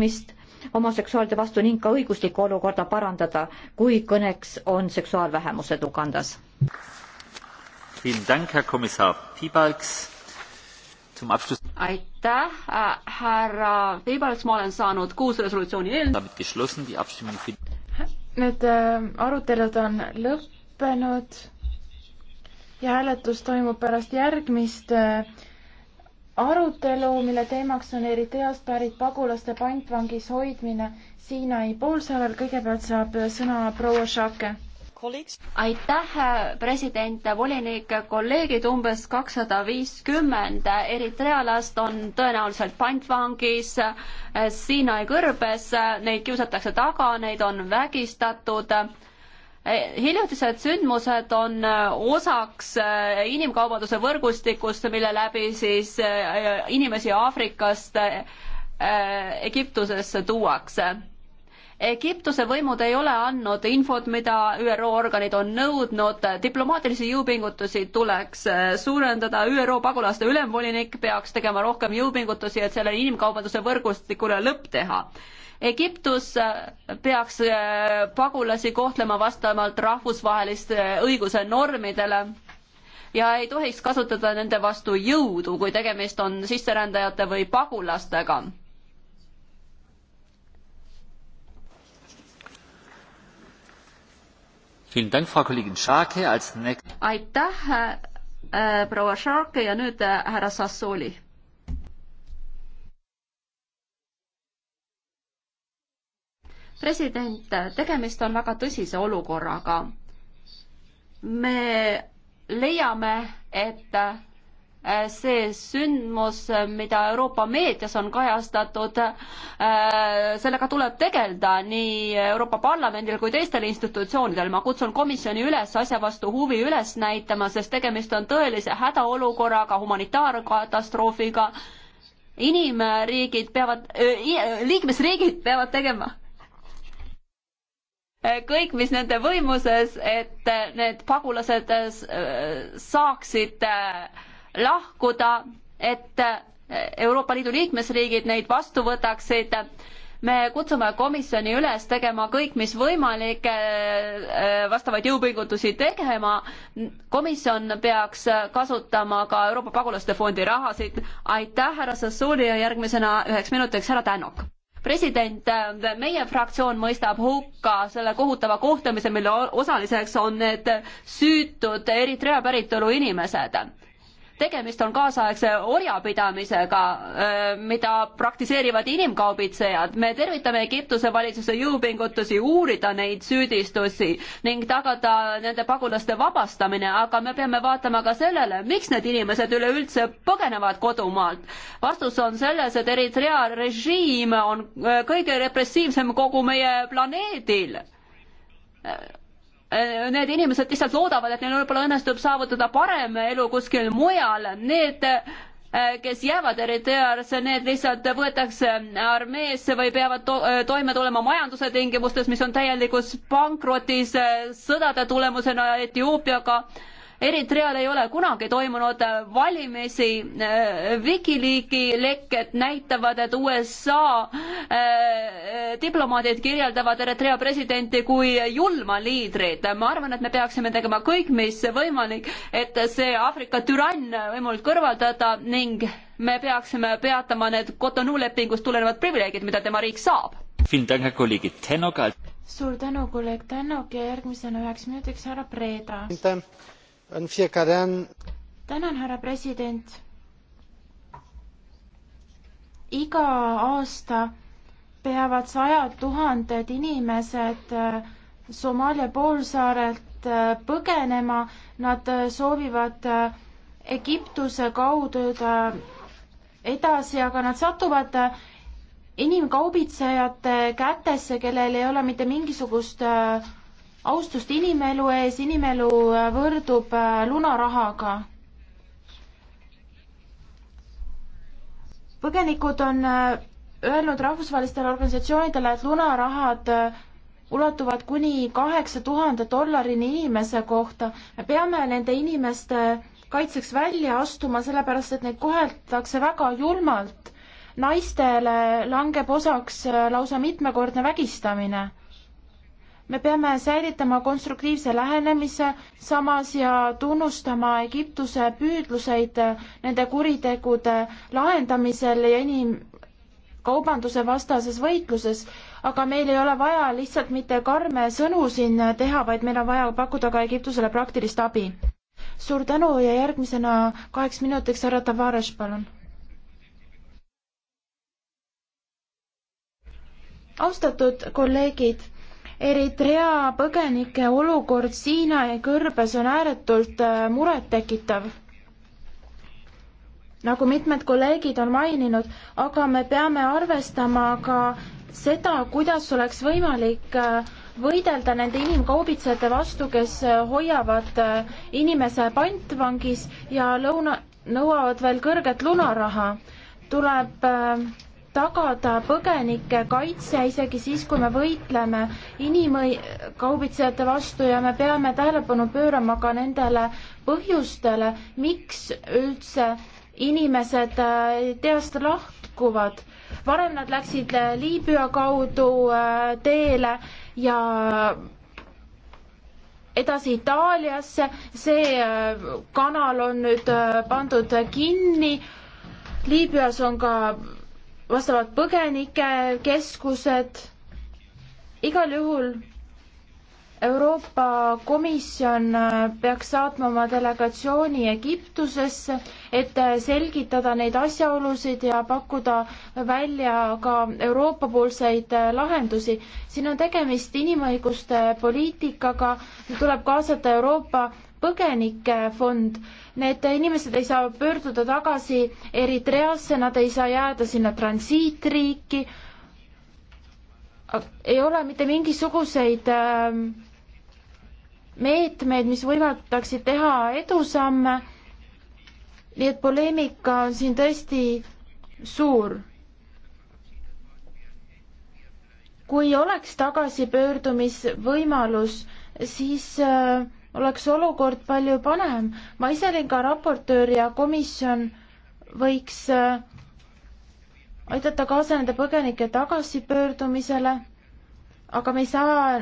mist homoseksuaalide vastu ning ka õiguslikku olukorda parandada, kui kõneks on seksuaalvähemused Ugandas. aitäh, äh, härra Piibalks, ma olen saanud kuus resolutsiooni eelnõu. Need äh, arutelud on lõppenud ja hääletus toimub pärast järgmist äh, arutelu, mille teemaks on Eritreast pärit pagulaste pantvangis hoidmine Siinai poolsaarel. kõigepealt saab sõna proua Šake. aitäh, president, volinik, kolleegid, umbes kakssada viiskümmend eritrealast on tõenäoliselt pantvangis eh, Siinai kõrbes, neid kiusatakse taga, neid on vägistatud hiljutised sündmused on äh, osaks äh, inimkaubanduse võrgustikust, mille läbi siis äh, inimesi Aafrikast Egiptusesse tuuakse Egiptuse võimud ei ole andnud infot, mida ÜRO organid on nõudnud, diplomaatilisi jõupingutusi tuleks äh, suurendada, ÜRO pagulaste ülemvolinik peaks tegema rohkem jõupingutusi, et sellele inimkaubanduse võrgustikule lõpp teha. Egiptus äh, peaks äh, pagulasi kohtlema vastavalt rahvusvaheliste õiguse normidele ja ei tohiks kasutada nende vastu jõudu, kui tegemist on sisserändajate või pagulastega aitäh, äh, proua Šarke ja nüüd äh, härra Sassooli. president, tegemist on väga tõsise olukorraga. me leiame, et Äh, see sündmus, äh, mida Euroopa meedias on kajastatud, äh, sellega tuleb tegeleda nii Euroopa Parlamendil kui teistel institutsioonidel. ma kutsun komisjoni üles asja vastu huvi üles näitama, sest tegemist on tõelise hädaolukorraga, humanitaarkatastroofiga. inimriigid peavad, liikmesriigid peavad tegema kõik, mis nende võimuses, et need pagulased saaksid äh, lahkuda, et äh, Euroopa Liidu liikmesriigid neid vastu võtaksid. me kutsume komisjoni üles tegema kõik, mis võimalik, äh, äh, vastavaid jõupingutusi tegema. komisjon peaks kasutama ka Euroopa Pagulaste Fondi rahasid. aitäh, härra Sassooli ja järgmisena üheks minutiks härra Tänok president, meie fraktsioon mõistab hukka selle kohutava kohtumise, mille osaliseks on need süütud Eritrea päritolu inimesed tegemist on kaasaegse orjapidamisega, mida praktiseerivad inimkaubitsejad. me tervitame Egiptuse valitsuse jõupingutusi uurida neid süüdistusi ning tagada nende pagulaste vabastamine, aga me peame vaatama ka sellele, miks need inimesed üleüldse põgenevad kodumaalt. vastus on selles, et Eritrea režiim on kõige repressiivsem kogu meie planeedil need inimesed lihtsalt loodavad, et neil võib-olla õnnestub saavutada parem elu kuskil mujal, need eh, kes jäävad Eritreasse, need lihtsalt võetakse armeesse või peavad to eh, toime tulema majanduse tingimustes, mis on täielikus pankrotis eh, sõdade tulemusena Etioopiaga Eritreal ei ole kunagi toimunud äh, valimisi. Äh, Wikileaki lekked näitavad, et USA äh, diplomaadid kirjeldavad Eritrea presidenti kui julma liidrit. ma arvan, et me peaksime tegema kõik, mis võimalik, et see Aafrika türann võimult kõrvaldada ning me peaksime peatama need Cotonou lepingust tulenevad privileegid, mida tema riik saab. suur tänu, kolleeg Tänok ja järgmisena üheks minutiks härra Preeda în fiecare an. tänan, härra president. iga aasta peavad sajad tuhanded inimesed äh, Somaalia poolsaarelt äh, põgenema, nad äh, soovivad Egiptuse kaudu edasi, aga nad satuvad inimkaubitsejate kätesse, kellel ei ole mitte mingisugust äh, austust inimelu ees, inimelu äh, võrdub äh, lunarahaga. põgenikud on äh, öelnud rahvusvahelistele organisatsioonidele, et lunarahad ulatuvad kuni kaheksa tuhande dollarini inimese kohta. me peame nende inimeste kaitseks välja astuma, sellepärast et neid koheldakse väga julmalt. naistele langeb osaks lausa mitmekordne vägistamine me peame säilitama konstruktiivse lähenemise, samas ja tunnustama Egiptuse püüdluseid nende kuritegude lahendamisel ja inimkaubanduse vastases võitluses, aga meil ei ole vaja lihtsalt mitte karme sõnu siin teha, vaid meil on vaja pakkuda ka Egiptusele praktilist abi. suur tänu ja järgmisena kaheks minutiks härra Tavares, palun. austatud kolleegid Eritrea põgenike olukord Siinai kõrbes on ääretult äh, murettekitav, nagu mitmed kolleegid on maininud, aga me peame arvestama ka seda, kuidas oleks võimalik äh, võidelda nende inimkaubitsejate vastu, kes äh, hoiavad inimese pantvangis ja lõuna, nõuavad veel kõrget lunaraha. tuleb tagada põgenike kaitse isegi siis, kui me võitleme inimkaubitsejate vastu ja me peame tähelepanu pöörama ka nendele põhjustele, miks üldse inimesed äh, teast lahkuvad. varem nad läksid äh, Liibüa kaudu äh, teele ja edasi Itaaliasse, see kanal on nüüd pandud kinni. Liibüas on ka vastavad põgenikekeskused. igal juhul Euroopa Komisjon äh, peaks saatma oma delegatsiooni Egiptusesse, et äh, selgitada neid asjaolusid ja pakkuda välja ka Euroopa-poolseid äh, lahendusi. siin on tegemist inimõiguste poliitikaga, tuleb kaasata Euroopa põgenikefond. Need inimesed ei saa pöörduda tagasi Eritreasse, nad ei saa jääda sinna transiitriiki. ei ole mitte mingisuguseid ähm, meetmeid, mis võimaldaksid teha edusamme. nii et poleemika on siin tõesti suur kui oleks tagasipöördumisvõimalus, siis äh, oleks olukord palju parem. ma ise olin ka raportöör ja komisjon võiks äh, aidata kaasa nende põgenike tagasipöördumisele, aga me ei saa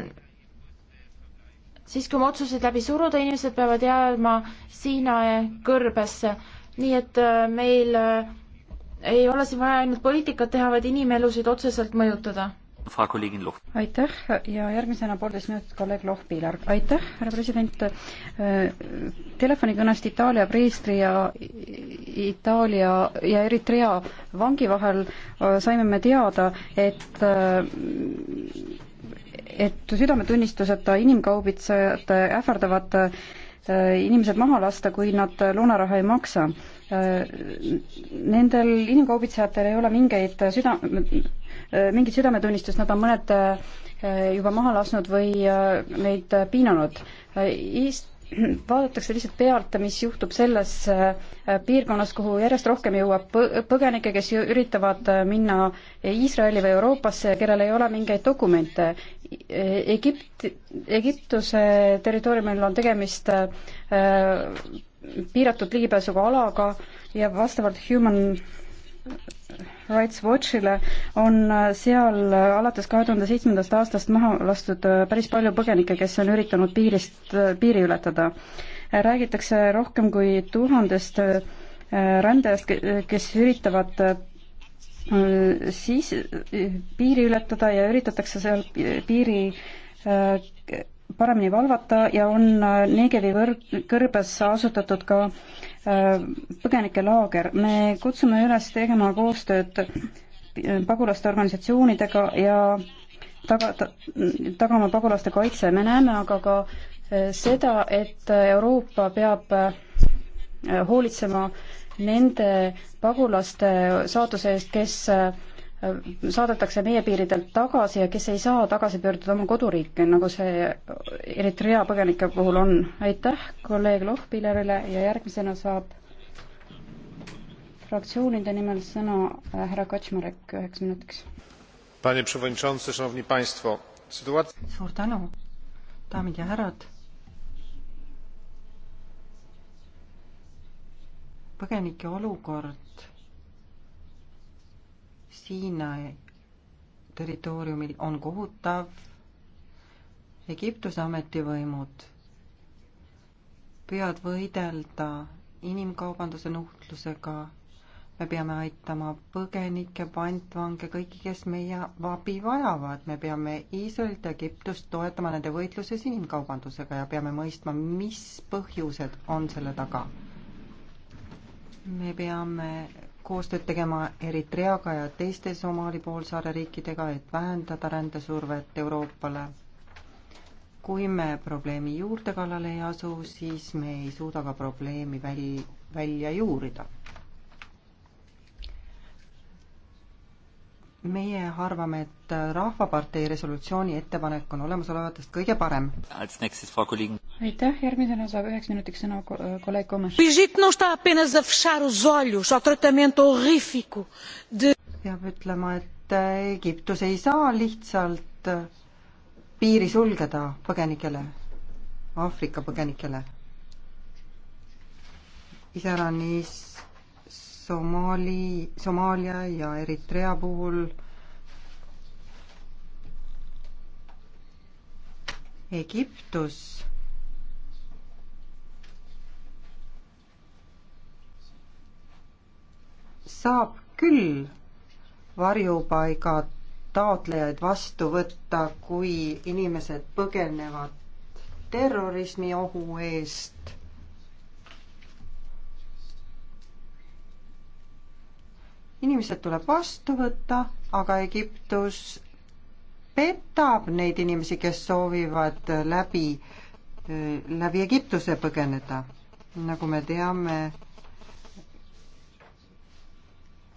siis, kui me otsuseid läbi suruda, inimesed peavad jääma Siinae kõrbesse. nii et äh, meil äh, ei ole siin vaja ainult poliitikat teha, vaid inimelusid otseselt mõjutada aitäh ja järgmisena poolteist minutit kolleeg Lohpiilar. aitäh, härra president. Äh, telefonikõnest Itaalia preestri ja Itaalia ja Eritrea vangi vahel äh, saime me teada, et äh, et südametunnistuseta inimkaubitsejad ähvardavad inimesed maha lasta, kui nad loonaraha ei maksa. Nendel inimkaubitsejatel ei ole mingeid süda-, Äh, mingit südametunnistust, nad on mõned äh, juba maha lasknud või äh, neid piinanud. Ist-, vaadatakse lihtsalt pealt, mis juhtub selles piirkonnas, kuhu järjest rohkem jõuab põgenikke, kes üritavad minna Iisraeli või Euroopasse ja kellel ei ole mingeid dokumente. E-, Egipt, Egiptuse territooriumil on tegemist piiratud ligipääsuga alaga ja vastavalt Human Rights Watchile on äh, seal alates kahe tuhande seitsmendast aastast maha lastud äh, päris palju põgenikke, kes on üritanud piirist, äh, piiri ületada. räägitakse rohkem kui tuhandest rändajast, kes üritavad siis piiri ületada ja üritatakse seal piiri paremini valvata ja on äh, Negevi võrg, kõrbes asutatud ka äh, põgenikelaager. me kutsume üles tegema koostööd äh, pagulaste organisatsioonidega ja taga ta,, tagama pagulaste kaitse. me näeme aga ka seda, et Euroopa peab hoolitsema nende pagulaste saatuse eest, kes saadetakse meie piiridelt tagasi ja kes ei saa tagasi pöörduda oma koduriiki, nagu see Eritrea põgenike puhul on. aitäh kolleeg Lohpillerile ja järgmisena saab fraktsioonide nimel sõna härra Kaczmarek üheks minutiks. suur tänu, daamid ja härrad põgenike olukord Hiina territooriumil on kohutav. Egiptuse ametivõimud püüavad võidelda inimkaubanduse nuhtlusega. me peame aitama põgenikke, pantvange, kõiki, kes meie abi vajavad. me peame Iisraelit ja Egiptust toetama nende võitluses inimkaubandusega ja peame mõistma, mis põhjused on selle taga. me peame koostööd tegema Eritreaga ja teiste Somaali poolsaare riikidega, et vähendada rändesurvet Euroopale. kui me probleemi juurte kallale ei asu, siis me ei suuda ka probleemi väli, välja juurida. meie arvame, et Rahvapartei resolutsiooni ettepanek on olemasolevatest kõige parem aitäh, järgmisena saab üheks minutiks sõna äh, kolleeg Komes. peab ütlema, et äh, Egiptus ei saa lihtsalt äh, piiri sulgeda põgenikele, Aafrika põgenikele. iseäranis Somaali, Somaalia ja Eritrea puhul Egiptus saab küll varjupaiga taotlejaid vastu võtta, kui inimesed põgenevad terrorismiohu eest. inimesed tuleb vastu võtta, aga Egiptus petab neid inimesi, kes soovivad läbi, läbi Egiptuse põgeneda. nagu me teame,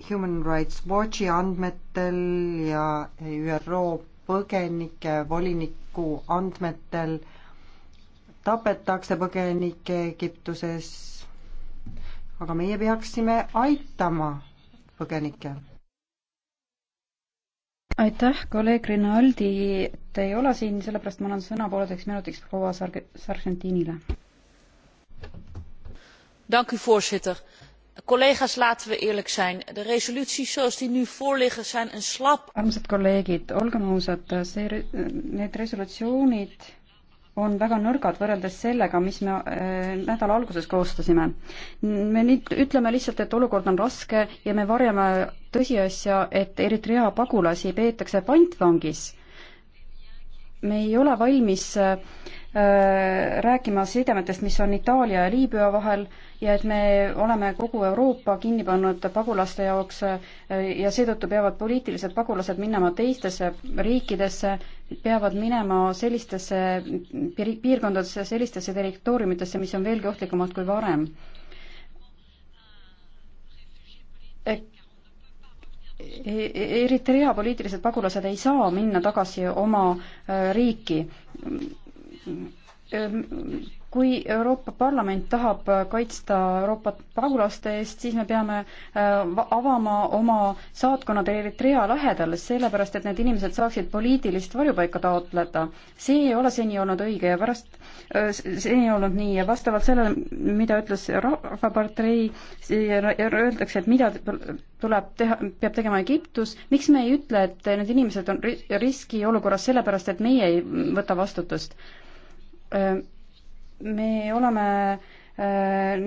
Human Rights Watchi andmetel ja ÜRO põgenike voliniku andmetel tapetakse põgenikke Egiptuses, aga meie peaksime aitama põgenikke. aitäh, kolleeg Rinaldi, te ei ole siin, sellepärast ma annan sõna pooleteiseks minutiks proua Sarg-, Sargentinile. Dank u voorzitter collega's laten we eerlijk zijn de resoluties zoals die nu voorliggen zijn een slap. armsad kolleegid olgem ausad see re, need resolutsioonid on väga nõrgad võrreldes sellega mis me äh, nädala alguses koostasime me nüüd ütleme lihtsalt et olukord on raske ja me varjame tõsiasja et eritrea pagulasi peetakse pantvangis me ei ole valmis äh, rääkima sidemetest mis on itaalia ja liibüa vahel äh, ja et me oleme kogu Euroopa kinni pannud pagulaste jaoks äh, ja seetõttu peavad poliitilised pagulased minema teistesse riikidesse, peavad minema sellistesse piirkondadesse, sellistesse territooriumitesse, mis on veelgi ohtlikumad kui varem e-, Eritrea poliitilised pagulased ei saa minna tagasi oma äh, riiki kui Euroopa Parlament tahab kaitsta Euroopat pagulaste eest, siis me peame äh, avama oma saatkonnad Eritrea lähedal, sellepärast et need inimesed saaksid poliitilist varjupaika taotleda. see ei ole seni olnud õige ja pärast äh, seni olnud nii ja vastavalt sellele, mida ütles Rahvapartei, öeldakse, et mida tuleb teha, peab tegema Egiptus, miks me ei ütle, et need inimesed on riskiolukorras sellepärast, et meie ei võta vastutust? Äh, me oleme äh,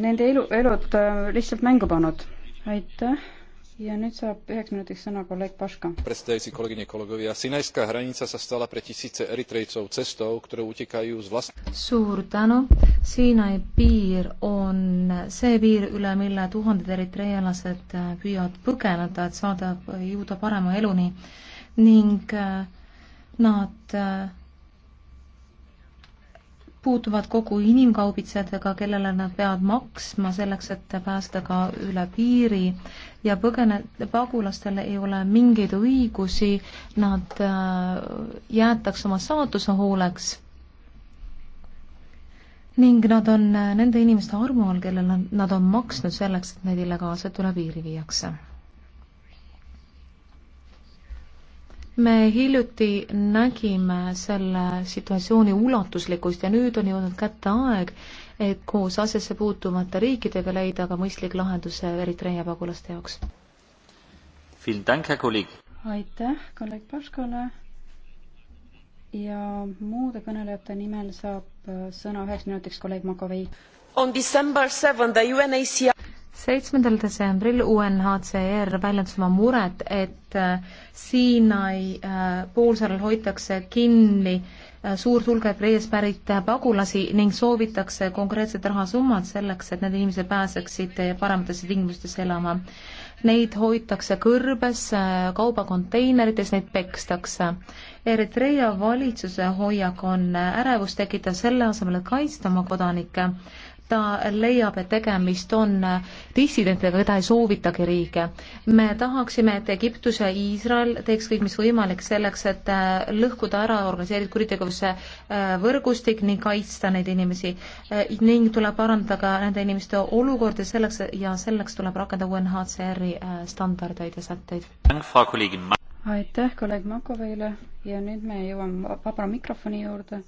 nende elu, elud äh, lihtsalt mängu pannud. aitäh ja nüüd saab üheks minutiks sõna kolleeg Paška. suur tänu, Siinai piir on see piir, üle mille tuhanded eritrealased äh, püüavad põgeneda, et saada, jõuda parema eluni ning nad puutuvad kogu inimkaubitsejatega, kellele nad peavad maksma selleks, et päästa ka üle piiri ja põgene-, pagulastel ei ole mingeid õigusi, nad äh, jäetakse oma saatuse hooleks ning nad on äh, nende inimeste armu all, kellele nad on maksnud selleks, et neid illegaalselt üle piiri viiakse me hiljuti nägime selle situatsiooni ulatuslikkust ja nüüd on jõudnud kätte aeg, et koos asjasse puutuvate riikidega leida ka mõistlik lahendus Eritrea pagulaste jaoks. aitäh kolleeg Paškole ja muude kõnelejate nimel saab sõna üheks minutiks kolleeg Makovei. On December 7 the UNACR seitsmendal detsembril UNHCR väljendas oma muret, et äh, Siinai äh, poolsaarel hoitakse kinni äh, suurt hulga Hebreest pärit pagulasi ning soovitakse konkreetsed rahasummad selleks, et need inimesed pääseksid parematesse tingimustesse elama. Neid hoitakse kõrbes, kaubakonteinerites, neid pekstakse. Eritrea valitsuse hoiak on ärevust tekitav selle asemel, et kaitsta oma kodanikke ta leiab, et tegemist on dissidentidega, keda ei soovitagi riike. me tahaksime, et Egiptus ja Iisrael teeks kõik, mis võimalik selleks, et äh, lõhkuda ära organiseeritud kuritegevuse äh, võrgustik ning kaitsta neid inimesi. Äh, ning tuleb parandada ka nende inimeste olukorda selleks ja selleks tuleb rakendada UNHCR-i standardeid ja sätteid. aitäh kolleeg Makoveile ja nüüd me jõuame vaba mikrofoni juurde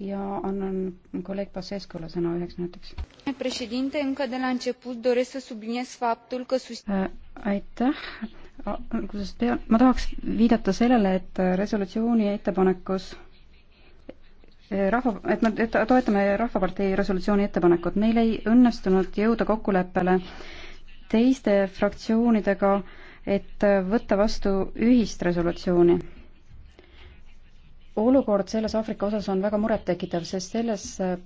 ja annan coleg Pasescule sõna üheks minutiks. președinte, încă de la început doresc să subliniez faptul că sus-. Äh, aitäh, algusest peale, ma tahaks viidata sellele, et äh, resolutsiooni ettepanekus e, rahva, et me toetame Rahvapartei resolutsiooni ettepanekut, meil ei õnnestunud jõuda kokkuleppele teiste fraktsioonidega, et äh, võtta vastu ühist resolutsiooni olukord selles Aafrika osas on väga murettekitav, sest selles äh,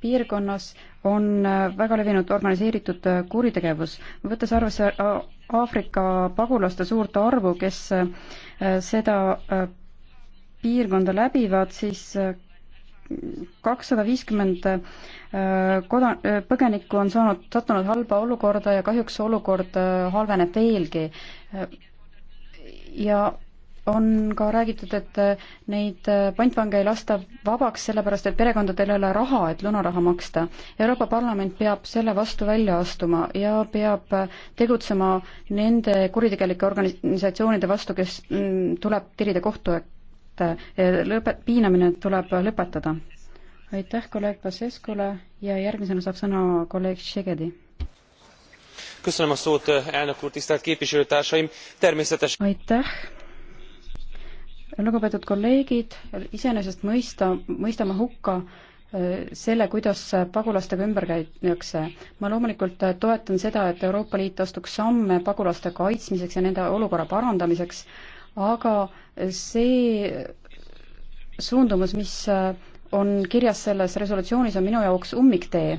piirkonnas on äh, väga levinud organiseeritud äh, kuritegevus. võttes arvesse Aafrika pagulaste suurt arvu, kes seda piirkonda läbivad, siis kakssada viiskümmend koda-, põgenikku on saanud, sattunud halba olukorda ja kahjuks olukord halveneb veelgi. ja on ka räägitud, et äh, neid äh, pantvange ei lasta vabaks, sellepärast et perekondadel ei ole raha, et lunaraha maksta. Euroopa Parlament peab selle vastu välja astuma ja peab äh, tegutsema nende kuritegelike organisatsioonide vastu, kes mm, tuleb tirida kohtu ette. lõpe-, piinamine tuleb lõpetada. aitäh kolleeg Baseskule ja järgmisena saab sõna kolleeg Šegedi tisztelt képviselőtársaim természetesen. aitäh lugupeetud kolleegid, iseenesest mõista, mõistame hukka äh, selle, kuidas pagulastega ümber käiakse. ma loomulikult toetan seda, et Euroopa Liit astuks samme pagulaste kaitsmiseks ja nende olukorra parandamiseks, aga see suundumus, mis äh, on kirjas selles resolutsioonis, on minu jaoks ummiktee.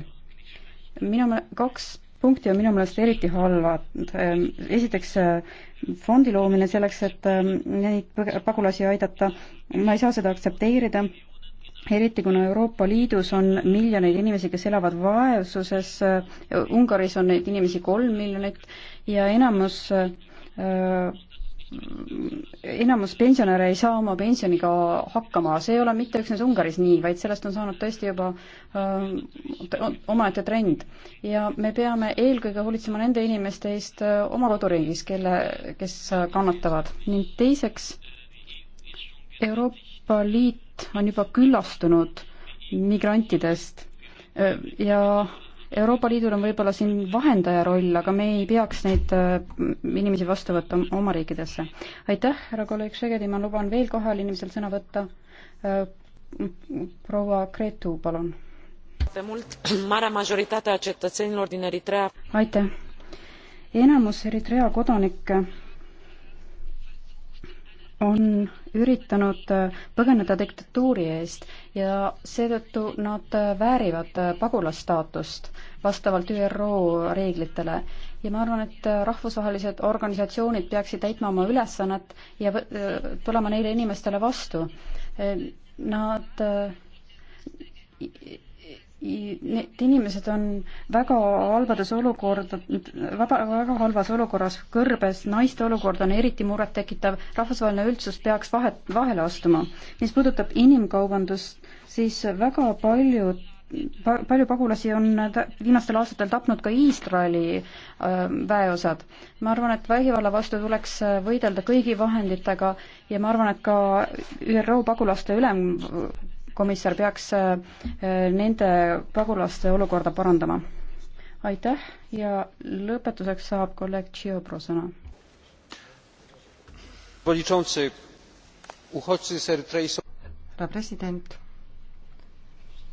minu me-, kaks punkti on minu meelest eriti halvad. Ähm, esiteks äh, fondi loomine selleks, et ähm, neid pagulasi aidata, ma ei saa seda aktsepteerida, eriti kuna Euroopa Liidus on miljoneid inimesi, kes elavad vaesuses, äh, Ungaris on neid inimesi kolm miljonit ja enamus äh, enamus pensionäre ei saa oma pensioniga hakkama, see ei ole mitte üksnes Ungaris nii, vaid sellest on saanud tõesti juba öö, omaette trend. ja me peame eelkõige hoolitsema nende inimeste eest öö, oma koduriigis, kelle, kes kannatavad. ning teiseks, Euroopa Liit on juba küllastunud migrantidest öö, ja Euroopa Liidul on võib-olla siin vahendaja roll, aga me ei peaks neid äh, inimesi vastu võtma oma riikidesse. aitäh, härra kolleeg Šegedi, ma luban veel kahel inimesel sõna võtta. Äh, proua Gretu, palun. aitäh. enamus Eritrea kodanikke on üritanud äh, põgeneda diktatuuri eest ja seetõttu nad äh, väärivad äh, pagulasstaatust vastavalt ÜRO reeglitele. ja ma arvan, et rahvusvahelised organisatsioonid peaksid täitma oma ülesannet ja tulema neile inimestele vastu. Nad need inimesed on väga halbades olukord, väga halvas olukorras, kõrbes, naiste olukord on eriti murettekitav, rahvusvaheline üldsus peaks vahet, vahele astuma. mis puudutab inimkaubandust, siis väga paljud palju pagulasi on viimastel aastatel tapnud ka Iisraeli äh, väeosad. ma arvan, et vägivalla vastu tuleks äh, võidelda kõigi vahenditega ja ma arvan, et ka ÜRO pagulaste ülem komissar peaks äh, äh, nende pagulaste olukorda parandama. aitäh ja lõpetuseks saab kolleeg Tšiobro sõna. härra president,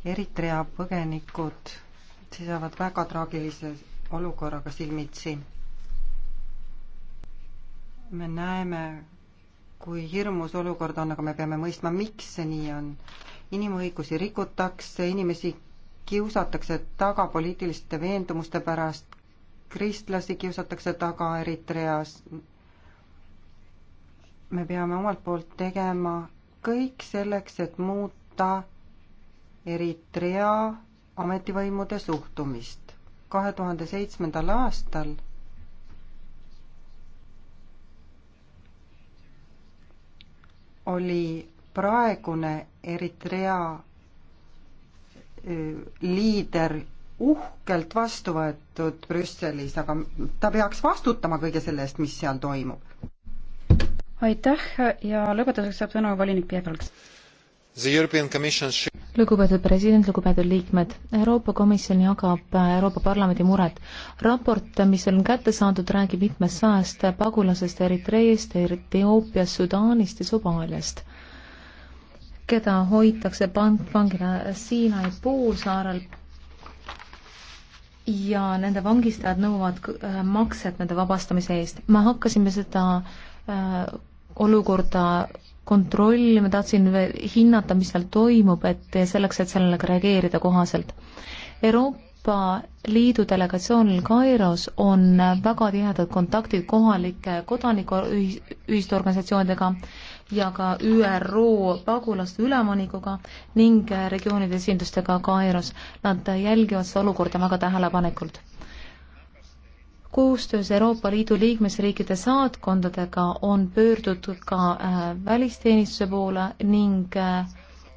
Eritrea põgenikud seisavad väga traagilise olukorraga silmitsi. me näeme, kui hirmus olukord on, aga me peame mõistma, miks see nii on inimõigusi rikutakse, inimesi kiusatakse taga poliitiliste veendumuste pärast, kristlasi kiusatakse taga Eritreas. me peame omalt poolt tegema kõik selleks, et muuta Eritrea ametivõimude suhtumist. kahe tuhande seitsmendal aastal oli praegune Eritrea liider uhkelt vastu võetud Brüsselis, aga ta peaks vastutama kõige selle eest, mis seal toimub. aitäh ja lõpetuseks saab sõna volinik Piebalgs. lugupeetud president, lugupeetud liikmed, Euroopa Komisjon jagab Euroopa Parlamendi muret. raport, mis on kätte saadud, räägib mitmest sajast pagulasest Eritreest, Etioopiast, Sudaanist ja Somaaliast keda hoitakse pantvangina Siinai poolsaarel ja nende vangistajad nõuavad äh, makset nende vabastamise eest. me hakkasime seda äh, olukorda kontrollima, tahtsin veel hinnata, mis seal toimub, et selleks, et sellele ka reageerida kohaselt. Euroopa Liidu delegatsioonil Kairos on väga tihedad kontaktid kohalike kodanikuühistusorganisatsioonidega ühis, ja ka ÜRO pagulaste ülemanikuga ning regioonide esindustega Kairos. Nad jälgivad seda olukorda väga tähelepanekult. koostöös Euroopa Liidu liikmesriikide saatkondadega on pöördutud ka äh, välisteenistuse poole ning äh,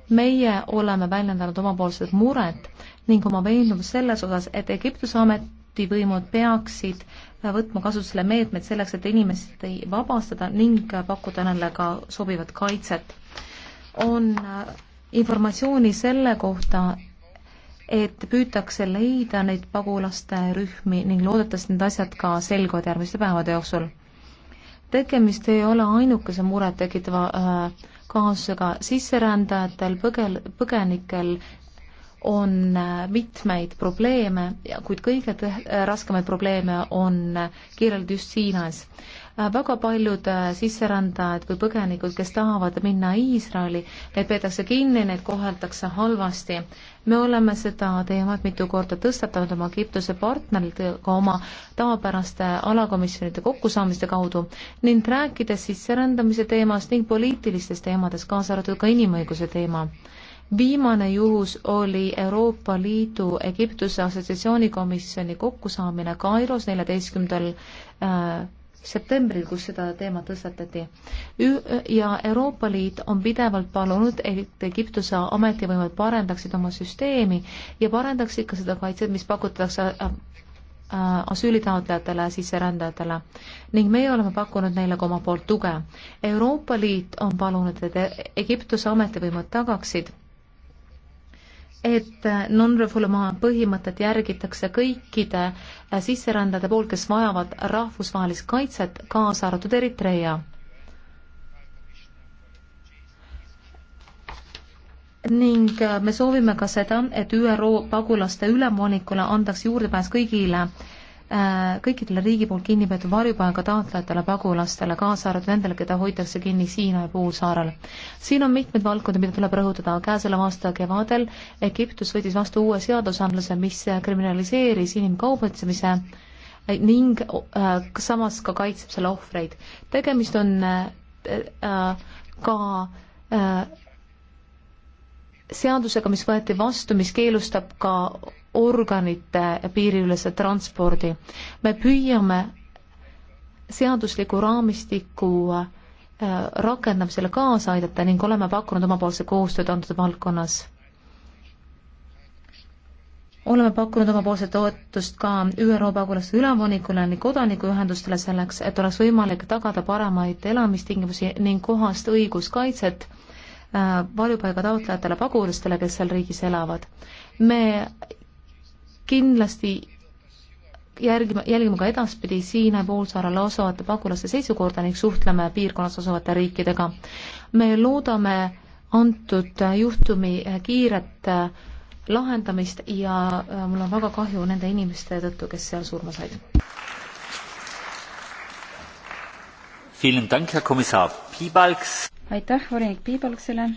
meie oleme väljendanud omapoolset muret ning oma veendumust selles osas, et Egiptuse amet ametivõimud peaksid võtma kasutusele meetmed selleks, et inimest ei vabastada ning pakkuda neile ka sobivat kaitset. on informatsiooni selle kohta, et püütakse leida neid pagulaste rühmi ning loodetavasti need asjad ka selguvad järgmiste päevade jooksul. tegemist ei ole ainukese murettekitava äh, kaasusega, sisserändajatel, põgel, põgenikel on äh, mitmeid probleeme, kuid kõige äh, raskemaid probleeme on äh, kirjeldatud just Hiinas. väga paljud sisserändajad või põgenikud, kes tahavad minna Iisraeli, need peetakse kinni, neid koheldakse halvasti. me oleme seda teemat mitu korda tõstatanud oma Egiptuse partneritega oma tavapäraste alakomisjonide kokkusaamiste kaudu ning rääkides sisserändamise teemast ning poliitilistest teemadest, kaasa arvatud ka inimõiguse teema viimane juhus oli Euroopa Liidu Egiptuse assotsiatsioonikomisjoni kokkusaamine Kairos neljateistkümnendal äh, septembril, kus seda teemat tõstatati. ja Euroopa Liit on pidevalt palunud, et Egiptuse ametivõimed parendaksid oma süsteemi ja parendaksid ka seda kaitset, mis pakutakse äh, äh, asüülitaotlejatele, sisserändajatele ning meie oleme pakkunud neile ka oma poolt tuge. Euroopa Liit on palunud, et Egiptuse ametivõimud tagaksid et non-refoulement põhimõtet järgitakse kõikide sisserändajate poolt, kes vajavad rahvusvahelist kaitset, kaasa arvatud Eritrea. ning me soovime ka seda, et ÜRO pagulaste ülemvolinikule antaks juurdepääs kõigile äh, Äh, kõikidele riigi poolt kinni peetud varjupaiga taotlejatele, pagulastele, kaasa arvatud nendele, keda hoitakse kinni Siina ja Puulsaarel. siin on mitmeid valdkondi, mida tuleb rõhutada. käesoleva aasta kevadel Egiptus võttis vastu uue seadusandluse, mis kriminaliseeris inimkaubitsemise äh, ning äh, samas ka kaitseb selle ohvreid. tegemist on äh, äh ka äh, seadusega, mis võeti vastu, mis keelustab ka organite piiriülese transpordi. me püüame seadusliku raamistiku äh, rakendamisele kaasa aidata ning oleme pakkunud omapoolse koostööd antud valdkonnas oleme pakkunud omapoolset toetust ka ÜRO pagulaste ülemvolikule ning kodanikuühendustele selleks, et oleks võimalik tagada paremaid elamistingimusi ning kohast õiguskaitset Äh, varjupaiga taotlejatele, pagulastele, kes seal riigis elavad. me kindlasti järgima, jälgima ka edaspidi Siine poolsaarel asuvate pagulaste seisukorda ning suhtleme piirkonnas asuvate riikidega. me loodame antud juhtumi kiiret äh, lahendamist ja äh, mul on väga kahju nende inimeste tõttu, kes seal surma said. Vielen Dank, Herr Kommissar Piebalgs aitäh volinik Piibalksile.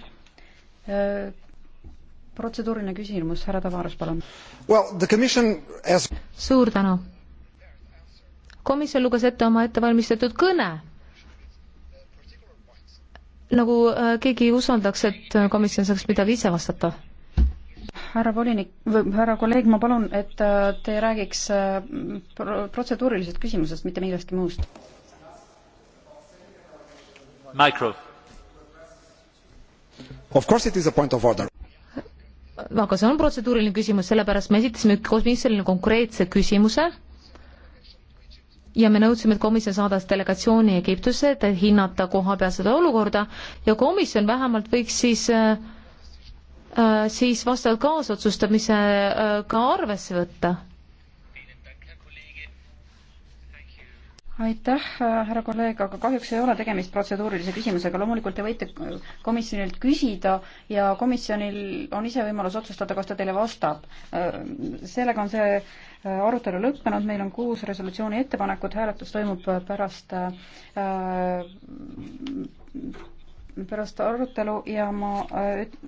protseduuriline küsimus, härra Tavares, palun well,. Has... suur tänu. komisjon luges ette oma ettevalmistatud kõne nagu äh, keegi ei usaldaks, et komisjon saaks midagi ise vastata? härra volinik, härra kolleeg, ma palun, et äh, te räägiks äh, pro protseduurilisest küsimusest, mitte millestki muust. Micro aga see on protseduuriline küsimus, sellepärast me esitasime komisjonile konkreetse küsimuse ja me nõudsime, et komisjon saadas delegatsiooni Egiptusse, et hinnata kohapealset olukorda ja komisjon vähemalt võiks siis äh, äh siis vastavalt kaasotsustamise äh, ka arvesse võtta aitäh, härra kolleeg, aga kahjuks ei ole tegemist protseduurilise küsimusega, loomulikult te võite komisjonilt küsida ja komisjonil on ise võimalus otsustada, kas ta teile vastab. sellega on see arutelu lõppenud, meil on kuus resolutsiooni ettepanekut, hääletus toimub pärast äh, pärast arutelu ja ma äh,